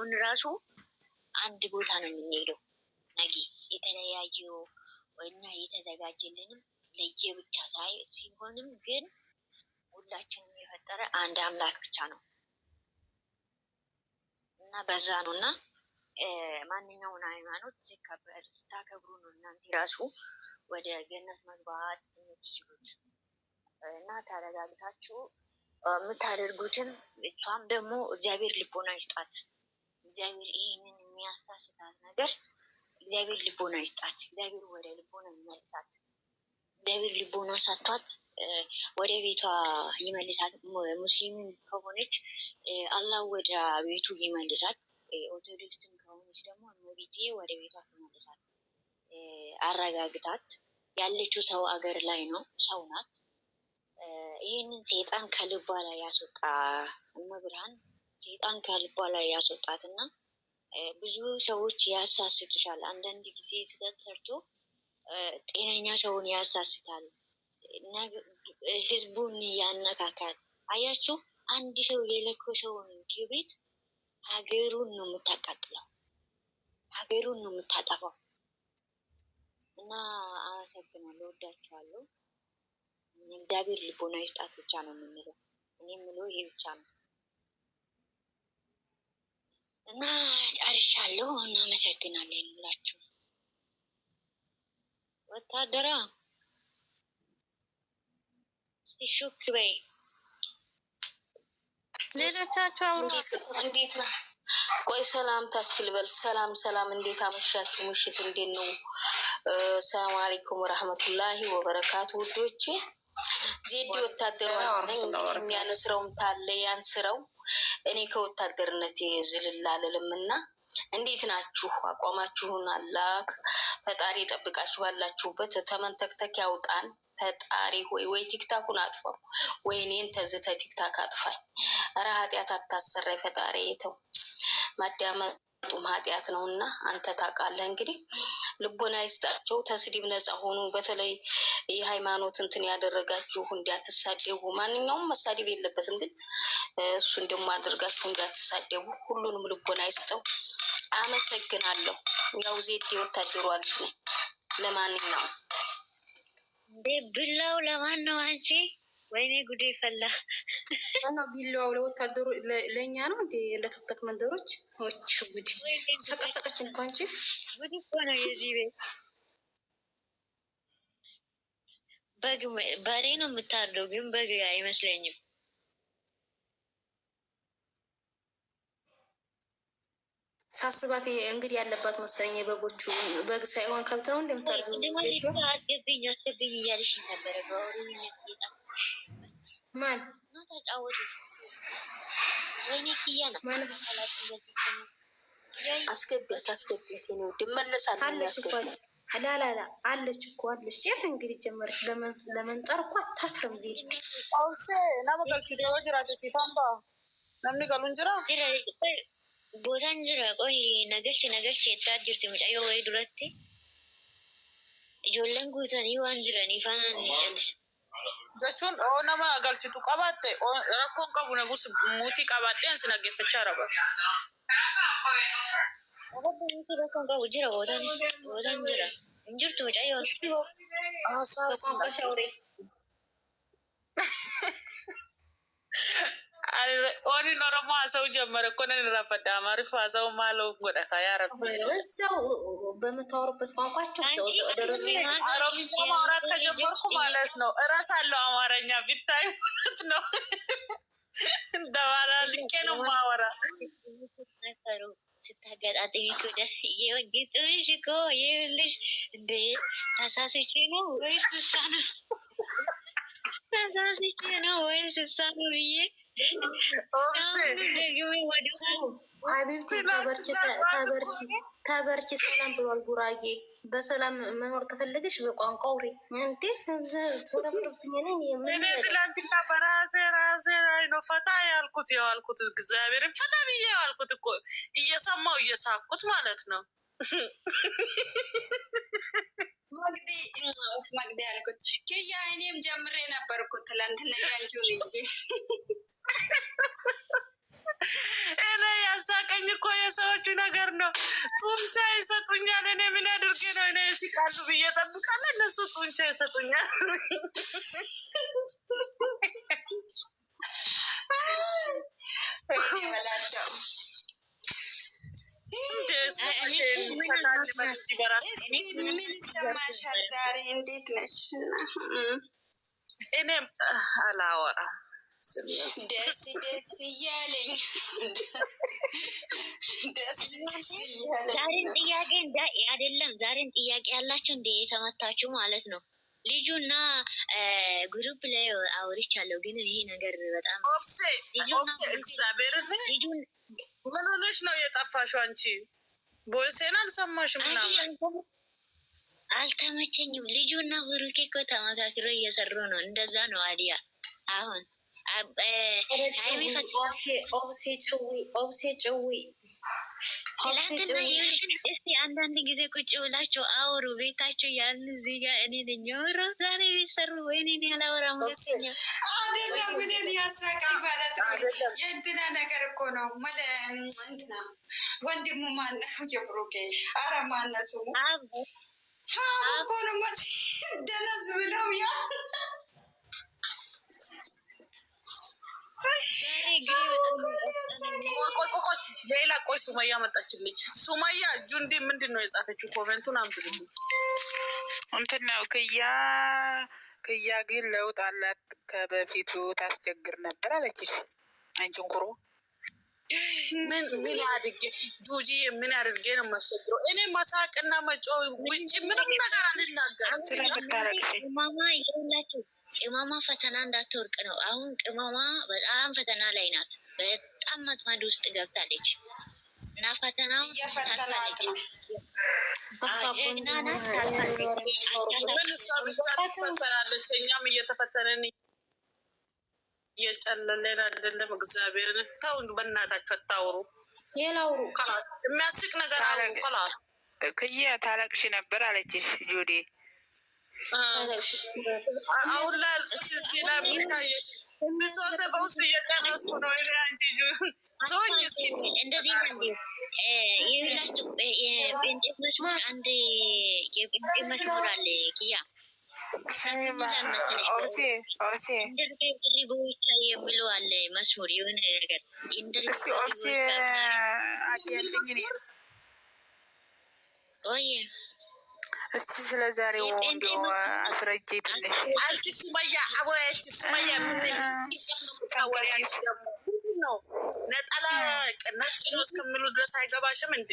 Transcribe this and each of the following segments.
ቢሆን ራሱ አንድ ቦታ ነው የምንሄደው። ነገ የተለያየው እና የተዘጋጀልንም ለየብቻ ሳይ ሲሆንም ግን ሁላችንም የፈጠረ አንድ አምላክ ብቻ ነው እና በዛ ነው እና ማንኛውን ሃይማኖት ሲከበር ስታከብሩ ነው እናንተ ራሱ ወደ ገነት መግባት የምትችሉት እና ተረጋግታችሁ የምታደርጉትን እሷም ደግሞ እግዚአብሔር ልቦና ይስጣት። እግዚአብሔር ይህንን የሚያሳስታት ነገር እግዚአብሔር ልቦና ይስጣት። እግዚአብሔር ወደ ልቦና ይመልሳት። እግዚአብሔር ልቦና ሰጥቷት ወደ ቤቷ ይመልሳት። ሙስሊም ከሆነች አላህ ወደ ቤቱ ይመልሳት። ኦርቶዶክስም ከሆነች ደግሞ እመቤቴ ወደ ቤቷ ትመልሳት። አረጋግታት። ያለችው ሰው አገር ላይ ነው፣ ሰው ናት። ይህንን ሴጣን ከልቧ ላይ ያስወጣ እመብርሃን ሴጣን ከልቧ ላይ ያስወጣት እና ብዙ ሰዎች ያሳስቱሻል። አንዳንድ ጊዜ ስህተት ሰርቶ ጤነኛ ሰውን ያሳስታል፣ ህዝቡን ያነካካል። አያችሁ፣ አንድ ሰው የለኮሰውን ክብሪት ሀገሩን ነው የምታቃጥለው፣ ሀገሩን ነው የምታጠፋው። እና አመሰግናለሁ፣ ወዳችኋለሁ። እግዚአብሔር ልቦና ይስጣት ብቻ ነው የምንለው። እኔ ምሎ ይሄ ብቻ ነው። እና ጨርሻለሁ። እናመሰግናለን ሁላችሁ ወታደራ ሲሹክ በይ። ሌሎቻችሁ አምሮ እንዴት ነው? ቆይ ሰላም እስኪ ሰላም ሰላም፣ እንዴት አመሻችሁ? ምሽት እንዴት ነው? ሰላም አለይኩም ወራህመቱላሂ ወበረካቱ። ውዶቼ ዜዴ ወታደሩ ነኝ። እንግዲህ የሚያነስረውም ታለ ያንስረው እኔ ከወታደርነት ዝልል አልልም እና እንዴት ናችሁ? አቋማችሁን አላክ ፈጣሪ ጠብቃችሁ ባላችሁበት ተመንተክተክ ያውጣን። ፈጣሪ ሆይ ወይ ቲክታኩን አጥፋው፣ ወይ እኔን ተዝተ ቲክታክ አጥፋኝ። ኧረ ኃጢአት አታሰራ ፈጣሪ የተው ማዳመጡም ኃጢአት ነው እና አንተ ታውቃለህ። እንግዲህ ልቦና ይስጣቸው፣ ተስዲብ ነፃ ሆኑ። በተለይ የሃይማኖት እንትን ያደረጋችሁ እንዳትሳደቡ፣ ማንኛውም መሳደብ የለበትም ግን እሱ እንደሞ አድርጋችሁ እንዳትሳደቡ ሁሉንም ልቦና አይስጠው። አመሰግናለሁ። ያው ዜዴ ወታደሩ አልፍ ለማንኛውም ቢላው ለማን ነው አንቺ? ወይኔ ጉዴ ፈላ እና ቢላው ለወታደሩ ለእኛ ነው እንዴ? ለተክተክ መንደሮች ጉድ ሰቀሰቀችን እኮ ጉድ እኮ ነው የዚህ ቤት በግ በሬ ነው የምታርደው፣ ግን በግ አይመስለኝም። ሳስባት እንግዲህ ያለባት መሰለኝ። የበጎቹ በግ ሳይሆን ከብት ነው እንደምታርገው። አስገብኝ ነበረ። ማን አስገቢያት፣ አስገቢያት ነው ድመለሳለ አስገቢያት ላላላ አለች እኮ አለች። ሴት እንግዲህ ጀመረች ለመንጠር እኮ አታፍርም። ዜ ቦታን ጅራ ቆይ ነገርች ነገርች የታ ጅርቲ ሙጫዮ ወይ ዱረቲ ijoolleen guutanii waan jiranii faanaan ni cabse. jechuun oo nama galchitu qabaatte rakkoon qabu nagus muutii qabaatte ansi naggeeffachaa raba. ኦኒን ኦሮሞ ሀሳው ጀመረ እኮ ነን ረፈዳ ማሪፍ ሀሳው ማለው ጎዳ ያረ እዛው በምታወሩበት ቋንቋቸው ኦሮምኛ ማውራት ከጀመርኩ ማለት ነው እረሳለሁ። አማርኛ ቢታይ ማለት ነው እንደባላ ልቄ ነው ማወራ ስታገጣጥሚው ደስ ግጥምሽ እኮ ተሳስቼ ነው ወይስ እሷ ነው ብዬ ሀቢብቲ ሰላም ብሏል ጉራጌ። በሰላም መኖር ተፈለገች በቋንቋ ውሬ እንዴ ትላንትና በራሴ ራሴ ላይ ነው ፈታ ያልኩት የዋልኩት እግዚአብሔርን ፈታ ብዬ የዋልኩት እኮ እየሰማው እየሳኩት ማለት ነው። መግዲ መግዲ ያልኩት ክያ እኔም ጀምሬ ነበርኩ ትላንትና ያንቺውን እንጂ እኔ ያሳቀኝ እኮ የሰዎቹ ነገር ነው። ጡንቻ ይሰጡኛል። እኔ ምን አድርጌ ነው እኔ ሲቃሉ ብዬ ጠብቃለሁ። እነሱ ጡንቻ ይሰጡኛል። በላቸው ይሰማሻል ዛሬ? እንዴት ነሽ? እኔም አላወራም ደስ ደስ እያለኝ ደስ ደስ እያለኝ። ዛሬም ጥያቄ አይደለም ዛሬም ጥያቄ ያላችሁ እንደ የተመታችሁ ማለት ነው። ልጁ እና ግሩፕ ላይ አውርቻለሁ፣ ግን ይሄ ነገር በጣም እግዚአብሔር ምን ሆነሽ ነው የጠፋሽው አንቺ? ቦይሴን አልሰማሽም? አልተመቸኝም። ልጁና ብሩኬ እኮ ተመሳስሎ እየሰሩ ነው። እንደዛ ነው አዲያ አሁን ኦብሴ ጭዊ ኦብሴ ጭዊ ትላንትና አንዳንድ ጊዜ ቁጭ ብላችሁ አውሩ። ቤታችሁ ያን እዚህ እኔ ነኝ ያወራው ዛሬ ቤት ሰሩ ወይ እኔን ያላወራ ሁለተኛ አደለ ምንን ያሳቂ ማለት ነው። የእንትና ነገር እኮ ነው መለ እንትና ወንድሙ ማነው? የብሩኬ አረ ማነሱ ሀብ እኮ ነው ደነዝ ብለው ያ ሌላ ቆይ፣ ሱማያ መጣችልኝ። ሱማያ እጁ እንዴ ምንድን ነው የጻፈችው? ኮቨንቱን አንብብ። እንትን ነው ክያ ክያ ግን ለውጥ አላት። ከበፊቱ ታስቸግር ነበር አለችሽ አንቺን ኩሩ ምን ምን አድርጌ ጁጂ ምን አድርጌ ነው የማስቸግረው? እኔ መሳቅና መጮ ውጭ ምንም ነገር አልናገርም። ቅመማ ፈተና እንዳትወርቅ ነው። አሁን ቅመማ በጣም ፈተና ላይ ናት። በጣም መጥመድ ውስጥ ገብታለች እና ፈተናው ታልፋለች። ጀግና ናት። ታልፋለች። ምን እሷ ብቻ ትፈተናለች፣ እኛም እየተፈተነን የጨለለን አይደለም። እግዚአብሔርን ተው፣ በእናታችሁ አታውሩ። የላውሩ ከላስ የሚያስቅ ነገር አሉ። ከላስ ክያ ታለቅሽ ነበር አለችሽ ጆዴ። አሁን ላይ አልቅሽ እዚህ በውስጥ እየጨረስኩ ነው። ይሄ አንቺ ሰዎች እስኪ እንደዚህ ነው የሁላችሁ ጴንጤ መስመር አንድ የጴንጤ መስመር አለ ክያ እስቲ ስለ ዛሬ ወንዶ አስረጄ ትንሽ አንቺ ሱመያ አወያች ሱመያ ነው ነጠላ ነጭ ነው እስከሚሉ ድረስ አይገባሽም እንዴ?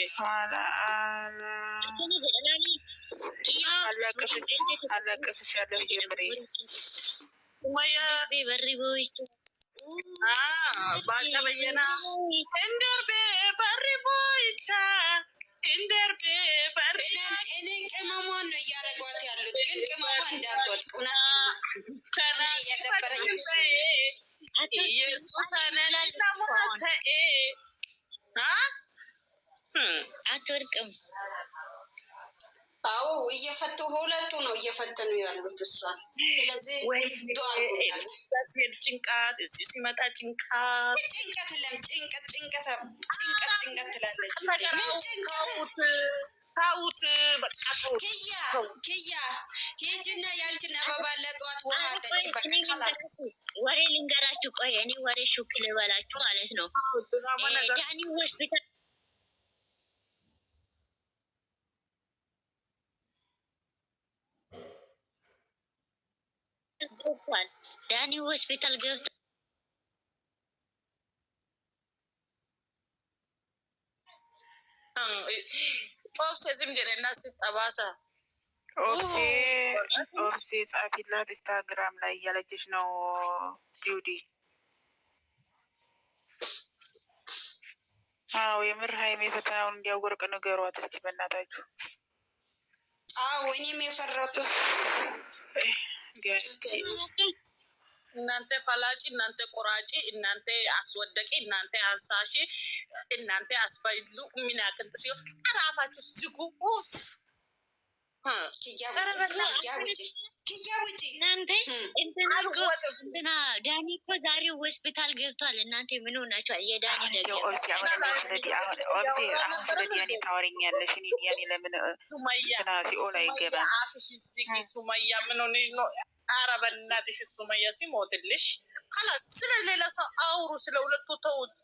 አላቀስሻለሁ ጀምሬ ባልተበየና አትወድቅም አዎ እየፈቱ ሁለቱ ነው እየፈተኑ ያሉት እሷን። ስለዚህ ጭንቀት እዚህ ሲመጣ ጭንቀት ጭንቀት ለም ጭንቀት ጭንቀት ጭንቀት ጭንቀት ትላለች። ታውት በቃ ክያ ክያ ሂጂና አበባ ለጠዋት ውሃ ጠጪ። በቃ ከላስ ወሬ ልንገራችሁ። ቆይ እኔ ወሬ ሹክ ልበላችሁ ማለት ነው ዳኒ ሆስፒታል ተቆርጧል። ዳኒ ሆስፒታል ገብቶ ኦብሴዝም ገደና ስጠባሳ ኦብሴ ኦብሴ ጻፊላት ኢንስታግራም ላይ እያለችሽ ነው ጁዲ። አዎ የምር ሀይሜ ፈተናውን እንዲያወርቅ ንገሯት እስቲ በእናታችሁ። አዎ እኔም የፈራሁት እናንተ ፈላጭ፣ እናንተ ቆራጭ፣ እናንተ አስወደቂ፣ እናንተ አንሳሺ፣ እናንተ አስበሉ የሚናቅንጥ ሲሆን አራፋችሁ ዝጉ። ዳኒ እኮ ዛሬ ሆስፒታል ገብቷል። እናንተ ምን ሆናችኋል? የዳኒ ደግሁንስለዲያኔ ሱመያ ምን ሆነሽ ነው? ኧረ በእናትሽ ሱመያ ሲሞትልሽ ከላስ ሌላ ሰው አውሩ። ስለ ሁለቱ ተውት።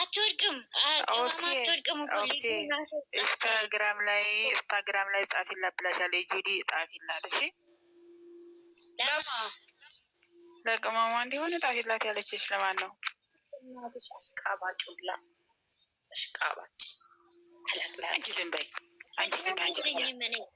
አትወድቅም አትወድቅም። ኢንስታግራም ላይ ኢንስታግራም ላይ ጻፊላ ብላሻለ ጁዲ ጻፊላ ልሽ ለቅመማ እንዲሆን ጻፊላት ያለችሽ ለማን ነው? እናትሽ አሽቃባጭ ሁላ አሽቃባጭ አላቅላ አንቺ ዝም በይ አንቺ ዝም በይ አንቺ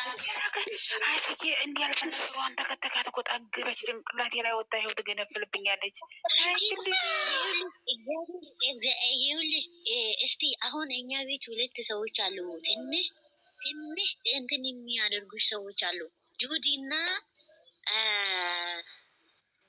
አትዬ እንዲህ ያልፈለግሮ አንተ ከተካት እኮ ጠግበች ጭንቅላቴ ላይ ወጣ ይኸው ትገነፍልብኛለች። ይኸውልሽ እስቲ አሁን እኛ ቤት ሁለት ሰዎች አሉ፣ ትንሽ ትንሽ እንትን የሚያደርጉሽ ሰዎች አሉ ጁዲ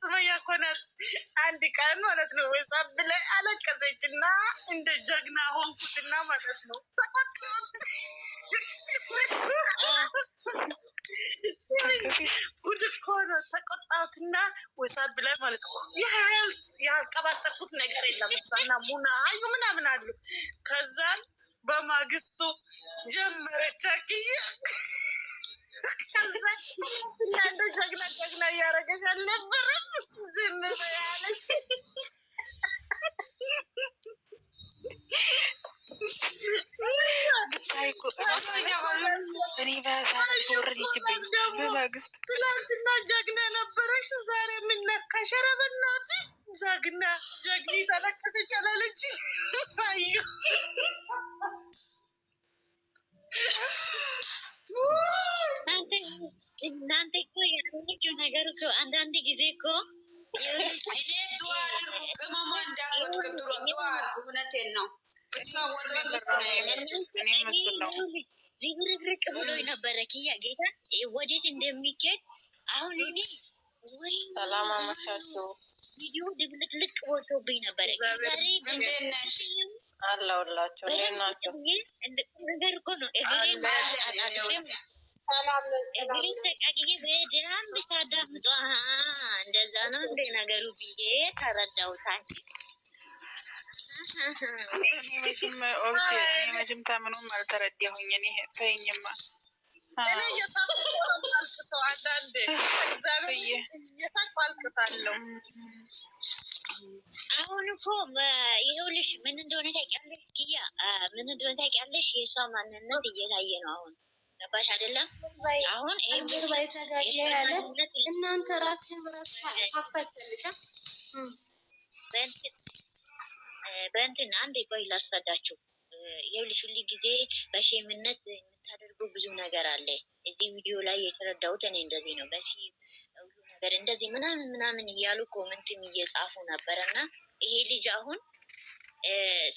ሱመያ እኮ ናት። አንድ ቀን ማለት ነው ወጻብ ላይ አለቀሰች እና እንደ ጀግና ሆንኩትና ማለት ነው ጉድ እኮ ነው። ተቆጣትና ወጻብ ላይ ማለት ነው ያልቀባጠርኩት ነገር የለም እሷና ሙና አዩ ምናምን አሉ። ከዛን በማግስቱ ጀመረች አክዬ እናንተ ጀግና ጀግና እያደረገች አልነበረም? ዝም ያለች ትናንትና ጀግና ነበረች፣ ዛሬ ምን ነካሽ? ኧረ በእናትህ ጀግና ጀግኒ ተለቀሰች አላለች ሳዩ እናንተ እኮ ያለችው ነገር እኮ አንዳንድ ጊዜ እኮ እኔ ድዋ አድርጉ ቅመማ እንዳትወድቅ ድሮ ድዋ አድርጉ። እውነቴን ነው። እሷ ወጥበል ውስጥ ነው ያለችው። ዝብርቅርቅ ብሎ ነበረ ክያ ጌታ ወዴት እንደሚኬድ አሁን እኔ ወይ ሰላም አመሻችሁ ቪዲዮ ድብልቅልቅ ወጥቶብኝ ነበረ። አላውላችሁ ናቸው ነገር እኮ ነው እግሩ ነው ነገሩ አሁን እኮ ይኸውልሽ ምን እንደሆነ ታውቂያለሽ፣ ምን እንደሆነ ታውቂያለሽ፣ የእሷ ማንነት እየታየ ነው አሁን ገባሽ አይደለም? አሁን ተጋጀ ያለ እናንተ ራስን በእንትን አንድ ቆይ ላስረዳችሁ። የውልሽ ሁሉ ጊዜ በሼምነት የምታደርገው ብዙ ነገር አለ። እዚህ ቪዲዮ ላይ የተረዳሁት እኔ እንደዚህ ነው። በሺ ሁሉ ነገር እንደዚህ ምናምን ምናምን እያሉ ኮመንትም እየጻፉ ነበር እና ይሄ ልጅ አሁን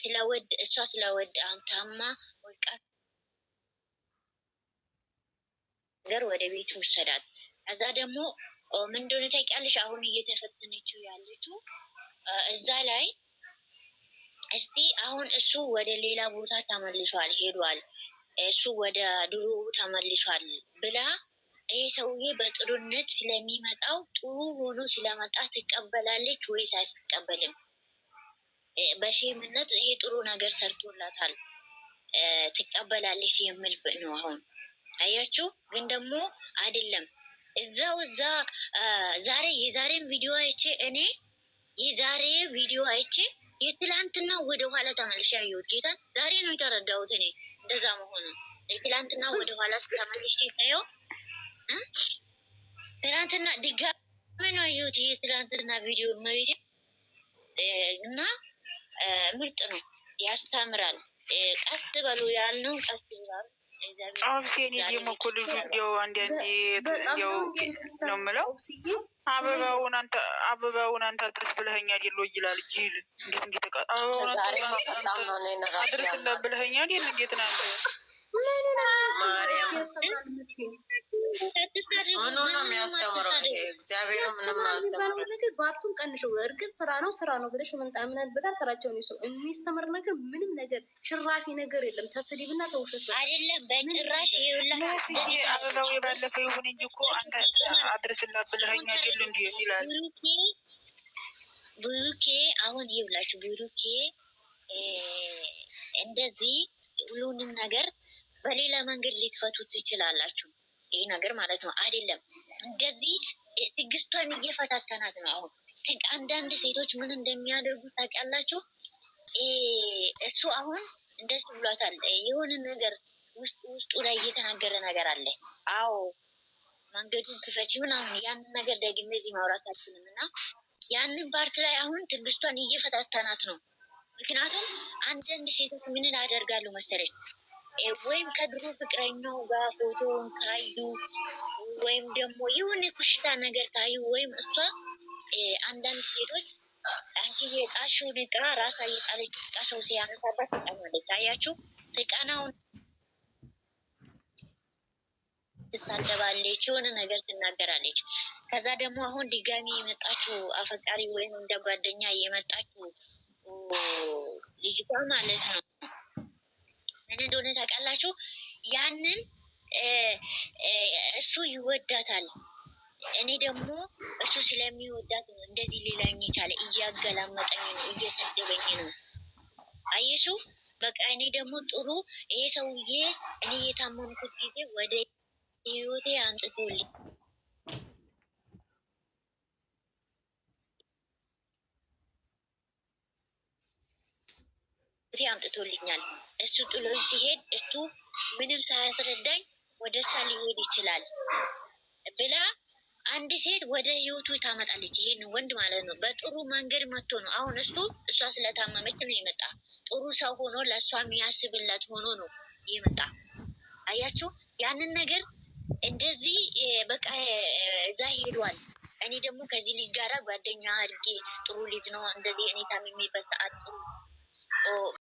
ስለወድ እሷ ስለወድ አንታማ ወድቃ ነገር ወደ ቤት ይሰዳል። ከዛ ደግሞ ምን እንደሆነ ታውቂያለሽ? አሁን እየተፈተነችው ያለችው እዛ ላይ እስቲ አሁን እሱ ወደ ሌላ ቦታ ተመልሷል፣ ሄዷል፣ እሱ ወደ ድሮ ተመልሷል ብላ ይሄ ሰውዬ በጥሩነት ስለሚመጣው ጥሩ ሆኖ ስለመጣ ትቀበላለች ወይስ አትቀበልም? በሽምነት ይሄ ጥሩ ነገር ሰርቶላታል ትቀበላለች የሚል ነው አሁን አያችሁ። ግን ደግሞ አይደለም እዛው እዛ ዛሬ የዛሬን ቪዲዮ አይቼ እኔ የዛሬ ቪዲዮ አይቼ የትላንትና ወደኋላ ተመልሼ አየሁት። ጌታን ዛሬ ነው የተረዳሁት እኔ እንደዛ መሆኑ። የትላንትና ወደኋላ ተመልሼ ሳየው ትላንትና ድጋሜ ነው አየሁት። የትላንትና ቪዲዮ መቤት እና ምርጥ ነው፣ ያስተምራል። ቀስ በሉ ያልነው ቀስ ብላሉ። ኦብሴን እየሞኮ ልጁ እንዲያው አንድ አንድ እንዲያው ነው ምለው አበባውን አንተ አበባውን አንተ አድርስ ብለኸኛል የለ ይላል ጅል። እንዴት እንዴት ተቃ አበባውን አድርስ ብለኸኛል የለ እንዴት ናንተ ምኑ ነው የሚያስተምረው? እግዚአብሔር ምንም እርግጥ ስራ ነው ስራ ነው ብለሽ ምንጣምነት በጣም ስራቸውን ይሰ የሚያስተምር ነገር ምንም ነገር ሽራፊ ነገር የለም። ተስድብና ተውሸት አይደለም በጭራሽ። ይላለው የባለፈው ይሁን እንጂ እኮ አድርስና ብልሃኛ ሉ እንዲ ይላል ብሩኬ። አሁን ይብላችሁ ብሩኬ እንደዚህ ሁሉንም ነገር በሌላ መንገድ ልትፈቱት ትችላላችሁ። ይህ ነገር ማለት ነው አይደለም። እንደዚህ ትዕግስቷን እየፈታተናት ነው። አሁን አንዳንድ ሴቶች ምን እንደሚያደርጉ ታውቃላችሁ? እሱ አሁን እንደዚህ ብሏታል። የሆነ ነገር ውስጥ ውስጡ ላይ እየተናገረ ነገር አለ። አዎ መንገዱን ክፈች ምናምን ያንን ነገር ደግሞ እዚህ ማውራት አልችልም። እና ያንን ፓርት ላይ አሁን ትግስቷን እየፈታተናት ነው። ምክንያቱም አንዳንድ ሴቶች ምንን አደርጋሉ መሰለኝ ወይም ከድሮ ፍቅረኛው ጋር ፎቶውን ካዩ ወይም ደግሞ የሆነ ኩሽታ ነገር ካዩ ወይም እሷ አንዳንድ ሴቶች አንቺ የጣሽውን እቃ ራሳ እየጣለች እቃ ሲያነሳባት ትቀናለች። አያችሁ ትቀናውን ትሳደባለች፣ የሆነ ነገር ትናገራለች። ከዛ ደግሞ አሁን ድጋሚ የመጣችው አፈቃሪ ወይም እንደ ጓደኛ የመጣችው ልጅቷ ማለት ነው ምን እንደሆነ ታውቃላችሁ? ያንን እሱ ይወዳታል። እኔ ደግሞ እሱ ስለሚወዳት ነው እንደዚህ ሌላኝ የቻለ እያገላመጠኝ ነው፣ እየሰደበኝ ነው። አየሱ በቃ እኔ ደግሞ ጥሩ ይሄ ሰውዬ እኔ የታመምኩት ጊዜ ወደ ህይወቴ አምጥቶልኝ ብሬ አምጥቶልኛል። እሱ ጥሎ ሲሄድ እሱ ምንም ሳያስረዳኝ ወደ እሷ ሊሄድ ይችላል ብላ አንድ ሴት ወደ ህይወቱ ታመጣለች። ይሄን ወንድ ማለት ነው። በጥሩ መንገድ መጥቶ ነው። አሁን እሱ እሷ ስለታመመች ነው የመጣ። ጥሩ ሰው ሆኖ ለእሷ የሚያስብላት ሆኖ ነው የመጣ። አያችሁ ያንን ነገር እንደዚህ በቃ እዛ ሄዷል። እኔ ደግሞ ከዚህ ልጅ ጋራ ጓደኛ አድጌ ጥሩ ልጅ ነው እንደዚህ እኔ ታምሜበት ሰዓት ጥሩ